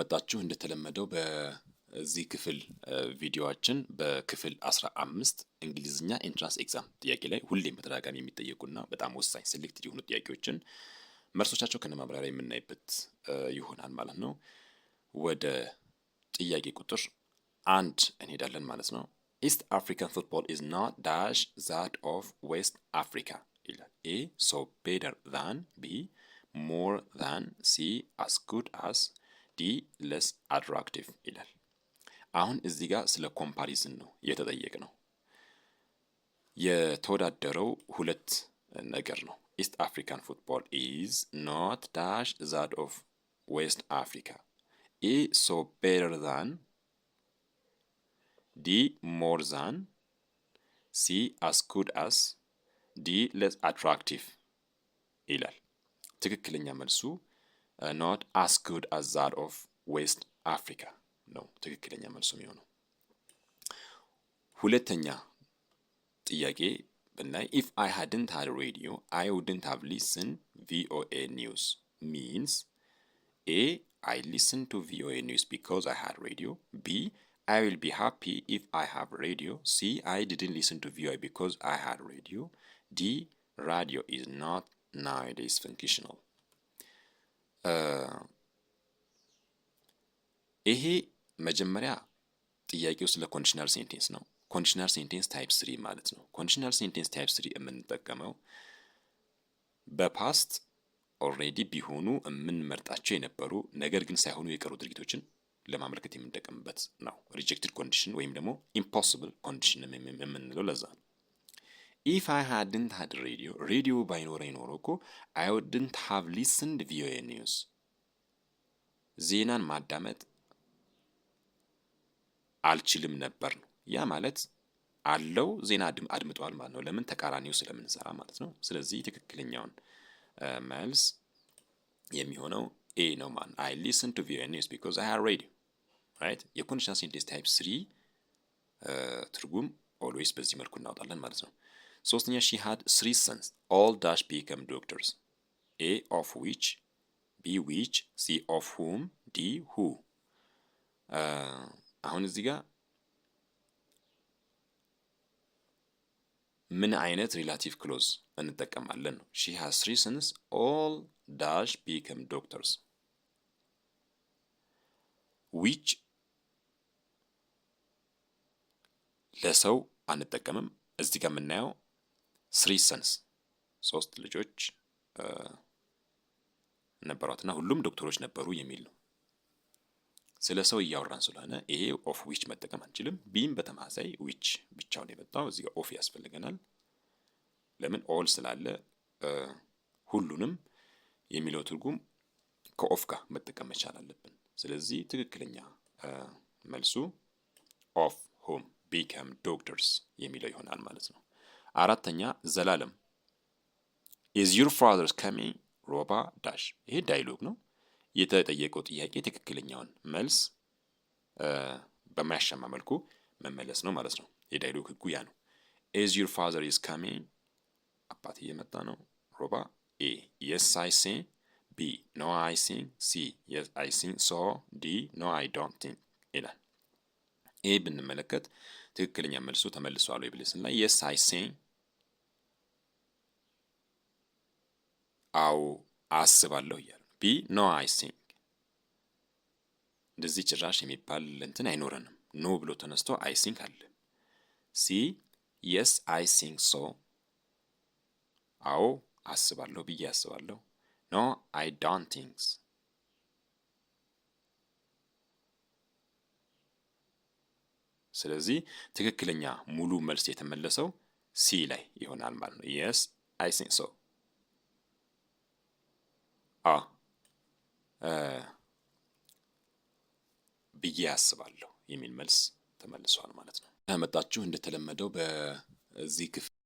መጣችሁ እንደተለመደው በዚህ ክፍል ቪዲዮችን በክፍል 15 እንግሊዝኛ ኤንትራንስ ኤግዛም ጥያቄ ላይ ሁሌም በተደጋጋሚ የሚጠየቁና በጣም ወሳኝ ስልክት የሆኑ ጥያቄዎችን መርሶቻቸው ከነማብራሪያ የምናይበት ይሆናል ማለት ነው። ወደ ጥያቄ ቁጥር አንድ እንሄዳለን ማለት ነው። ኢስት አፍሪካን ፉትቦል ኢዝ ናት ዳሽ ዛት ኦፍ ዌስት አፍሪካ ይላል። ኤ ሶ ቤደር ዛን ቢ ሞር ዛን ሲ አስ ጉድ አስ ዲ ለስ አትራክቲቭ ይላል። አሁን እዚህ ጋር ስለ ኮምፓሪዝን ነው የተጠየቅ ነው። የተወዳደረው ሁለት ነገር ነው። ኢስት አፍሪካን ፉትቦል ኢዝ ኖት ዳሽ ዛት ኦፍ ዌስት አፍሪካ ኤ ሶ ቤተር ዛን ዲ ሞር ዛን ሲ አስ ጉድ አስ ዲ ለስ አትራክቲቭ ይላል። ትክክለኛ መልሱ ኖት አስ ጉድ አስ ዛት ኦፍ ዌስት አፍሪካ ነው ትክክለኛ መልሱ የሚሆነው። ሁለተኛ ጥያቄ ብናይ ኢፍ አይ ሃድንት ሃድ ሬዲዮ አይ ውድንት ሃቭ ሊስን ቪኦኤ ኒውስ ሚንስ ኤ አይ ሊስን ቱ ቪኦኤ ኒውስ ቢካዝ አይ ሃድ ሬዲዮ ቢ አይ ዊል ቢ ሃፒ ኢፍ አይ ሃቭ ሬዲዮ ሲ አይ ዲድንት ሊስን ቱ ቪኦኤ ቢካዝ አይ ሃድ ሬዲዮ ዲ ራዲዮ ኢዝ ኖት ናው ዴይስ ፈንክሽናል ይሄ መጀመሪያ ጥያቄው ስለ ኮንዲሽናል ሴንቴንስ ነው። ኮንዲሽናል ሴንቴንስ ታይፕ ስሪ ማለት ነው። ኮንዲሽናል ሴንቴንስ ታይፕ ስሪ የምንጠቀመው በፓስት ኦልሬዲ ቢሆኑ የምንመርጣቸው የነበሩ ነገር ግን ሳይሆኑ የቀሩ ድርጊቶችን ለማመልከት የምንጠቀምበት ነው። ሪጀክትድ ኮንዲሽን ወይም ደግሞ ኢምፖስብል ኮንዲሽን የምንለው ለዛ ነው። ኢፍ አይ ሃድንት ሃድ ሬዲዮ ሬዲዮ ባይኖረኝ ኖሮ እኮ አይ ውድንት ሃቭ ሊስንድ ቪኦኤ ኒውስ ዜናን ማዳመጥ አልችልም ነበር ነው። ያ ማለት አለው ዜና አድምጧል ማለት ነው። ለምን ተቃራኒው ስለምንሰራ ማለት ነው። ስለዚህ ትክክለኛውን መልስ የሚሆነው ኤ ነው ማለት ነው። አይ ሊስን ቱ ቪኦኤ ኒውስ ቢኮዝ አይ ሃድ ሬዲዮ ራይት። የኮንዲሽናል ሴንቴንስ ታይፕ ስሪ ትርጉም ኦልዌይስ በዚህ መልኩ እናወጣለን ማለት ነው። ሶስተኛ ሺ ሃድ ስሪ ሰንስ ኦል ዳሽ ቢከም ዶክተርስ ኤ ኦፍ ዊች ቢ ዊች ሲ ኦፍ ሁም ዲ ሁ አሁን እዚህ ጋር ምን አይነት ሪላቲቭ ክሎዝ እንጠቀማለን ነው። ሺ ሃዝ ስሪ ሰንስ ኦል ዳሽ ቢከም ዶክተርስ። ዊች ለሰው አንጠቀምም። እዚህ ጋር የምናየው ስሪ ሰንስ ሶስት ልጆች ነበሯትና ሁሉም ዶክተሮች ነበሩ የሚል ነው። ስለ ሰው እያወራን ስለሆነ ይሄ ኦፍ ዊች መጠቀም አንችልም። ቢም በተመሳሳይ ዊች ብቻውን የመጣው እዚህ ኦፍ ያስፈልገናል። ለምን ኦል ስላለ ሁሉንም የሚለው ትርጉም ከኦፍ ጋር መጠቀም መቻል አለብን። ስለዚህ ትክክለኛ መልሱ ኦፍ ሆም ቢከም ዶክተርስ የሚለው ይሆናል ማለት ነው። አራተኛ ዘላለም ኢዝ ዩር ፋዘርስ ከሚንግ ሮባ ዳሽ። ይሄ ዳይሎግ ነው። የተጠየቀው ጥያቄ ትክክለኛውን መልስ በማያሻማ መልኩ መመለስ ነው ማለት ነው። የዳይሎግ ህጉ ያ ነው። ኢዝ ዩር ፋዘር ኢዝ ካሚንግ፣ አባት እየመጣ ነው። ሮባ ኤ የስ አይ ሲንግ፣ ቢ ኖ አይ ሲንግ፣ ሲ የስ አይ ሲንግ፣ ሶ ዲ ኖ አይ ዶንት ሲንግ ይላል። ይሄ ብንመለከት ትክክለኛ መልሱ ተመልሷል ወይ ብለህ ስናይ የስ አይ ሲንግ አዎ አስባለሁ እያለ ነው። ቢ ኖ አይ እንደዚህ ጭራሽ የሚባል እንትን አይኖረንም። ኖ ብሎ ተነስቶ አይ ሲንክ አለ። ሲ የስ አይ ሲንክ ሶ አዎ አስባለሁ ብዬ አስባለሁ። ኖ አይ ዶንት ቲንክስ ስለዚህ ትክክለኛ ሙሉ መልስ የተመለሰው ሲ ላይ ይሆናል ማለት ነው። የስ አይ ሶ። አ ብዬ አስባለሁ የሚል መልስ ተመልሷል ማለት ነው። መጣችሁ እንደተለመደው በዚህ ክፍል